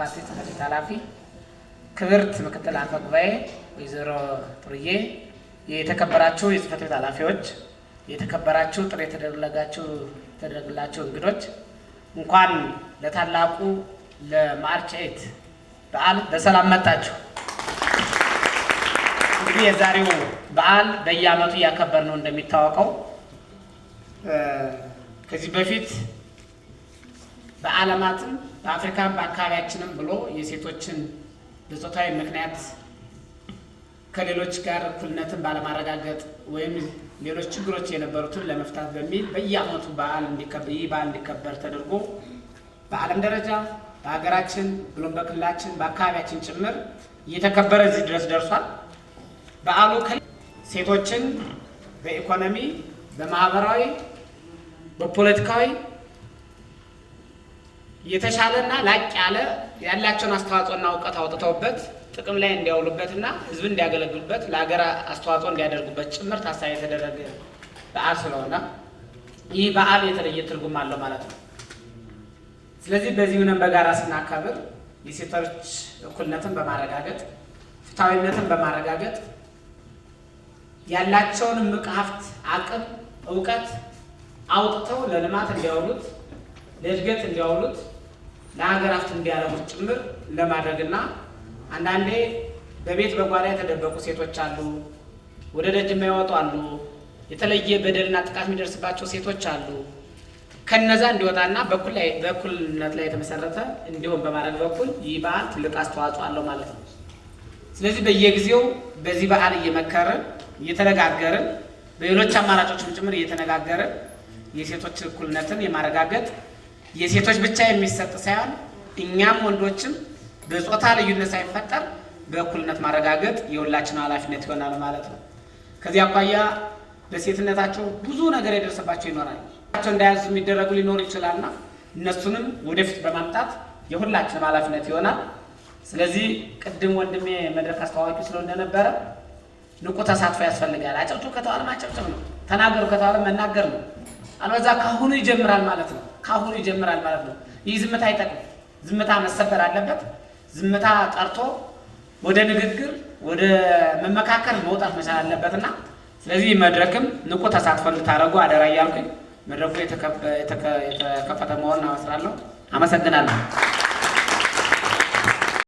ፓርቲ ጽሕፈት ቤት ኃላፊ፣ ክብርት ምክትል አፈ ጉባኤ ወይዘሮ ጥሩዬ፣ የተከበራችሁ የጽሕፈት ቤት ኃላፊዎች፣ የተከበራችሁ ጥሪ የተደረጋችሁ የተደረግላችሁ እንግዶች እንኳን ለታላቁ ለማርች ኤት በዓል በሰላም መጣችሁ። እንግዲህ የዛሬው በዓል በየዓመቱ እያከበር ነው እንደሚታወቀው ከዚህ በፊት በዓለማትም በአፍሪካም በአካባቢያችንም ብሎ የሴቶችን በጾታዊ ምክንያት ከሌሎች ጋር እኩልነትን ባለማረጋገጥ ወይም ሌሎች ችግሮች የነበሩትን ለመፍታት በሚል በየዓመቱ በዓል ይህ በዓል እንዲከበር ተደርጎ በዓለም ደረጃ በሀገራችን ብሎም በክልላችን በአካባቢያችን ጭምር እየተከበረ እዚህ ድረስ ደርሷል። በዓሉ ሴቶችን በኢኮኖሚ፣ በማህበራዊ፣ በፖለቲካዊ የተሻለና ላቅ ያለ ያላቸውን አስተዋጽኦና እውቀት አውጥተውበት ጥቅም ላይ እንዲያውሉበትና ህዝብ እንዲያገለግሉበት ለሀገር አስተዋጽኦ እንዲያደርጉበት ጭምር ታሳቢ የተደረገ በዓል ስለሆነ ይህ በዓል የተለየ ትርጉም አለው ማለት ነው። ስለዚህ በዚህ ሁነን በጋራ ስናከብር የሴቶች እኩልነትን በማረጋገጥ ፍትሐዊነትን በማረጋገጥ ያላቸውን እምቅ ሀብት፣ አቅም፣ እውቀት አውጥተው ለልማት እንዲያውሉት ለእድገት እንዲያውሉት ለሀገራችን እንዲያረጉት ጭምር ለማድረግና አንዳንዴ በቤት በጓዳ የተደበቁ ሴቶች አሉ፣ ወደ ደጅ የማይወጡ አሉ፣ የተለየ በደልና ጥቃት የሚደርስባቸው ሴቶች አሉ። ከነዛ እንዲወጣና በኩልነት ላይ የተመሰረተ እንዲሆን በማድረግ በኩል ይህ በዓል ትልቅ አስተዋጽኦ አለው ማለት ነው። ስለዚህ በየጊዜው በዚህ በዓል እየመከርን እየተነጋገርን በሌሎች አማራጮችም ጭምር እየተነጋገርን የሴቶች እኩልነትን የማረጋገጥ የሴቶች ብቻ የሚሰጥ ሳይሆን እኛም ወንዶችም በጾታ ልዩነት ሳይፈጠር በእኩልነት ማረጋገጥ የሁላችን ኃላፊነት ይሆናል ማለት ነው። ከዚህ አኳያ በሴትነታቸው ብዙ ነገር የደረሰባቸው ይኖራል ቸው እንዳያዙ የሚደረጉ ሊኖሩ ይችላልና እነሱንም ወደፊት በማምጣት የሁላችንም ኃላፊነት ይሆናል። ስለዚህ ቅድም ወንድሜ መድረክ አስተዋዋቂ ስለው እንደነበረ ንቁ ተሳትፎ ያስፈልጋል። አጨብጭቡ ከተዋለ ማጨብጨብ ነው፣ ተናገሩ ከተዋለ መናገር ነው። አልበዛ ካሁኑ ይጀምራል ማለት ነው። ከአሁኑ ይጀምራል ማለት ነው። ይህ ዝምታ አይጠቅም። ዝምታ መሰበር አለበት። ዝምታ ጠርቶ ወደ ንግግር፣ ወደ መመካከል መውጣት መቻል አለበትና ስለዚህ መድረክም ንቁ ተሳትፎ እንድታደርጉ አደራ እያልኩኝ መድረኩ የተከፈተ መሆኑን አመስራለሁ። አመሰግናለሁ።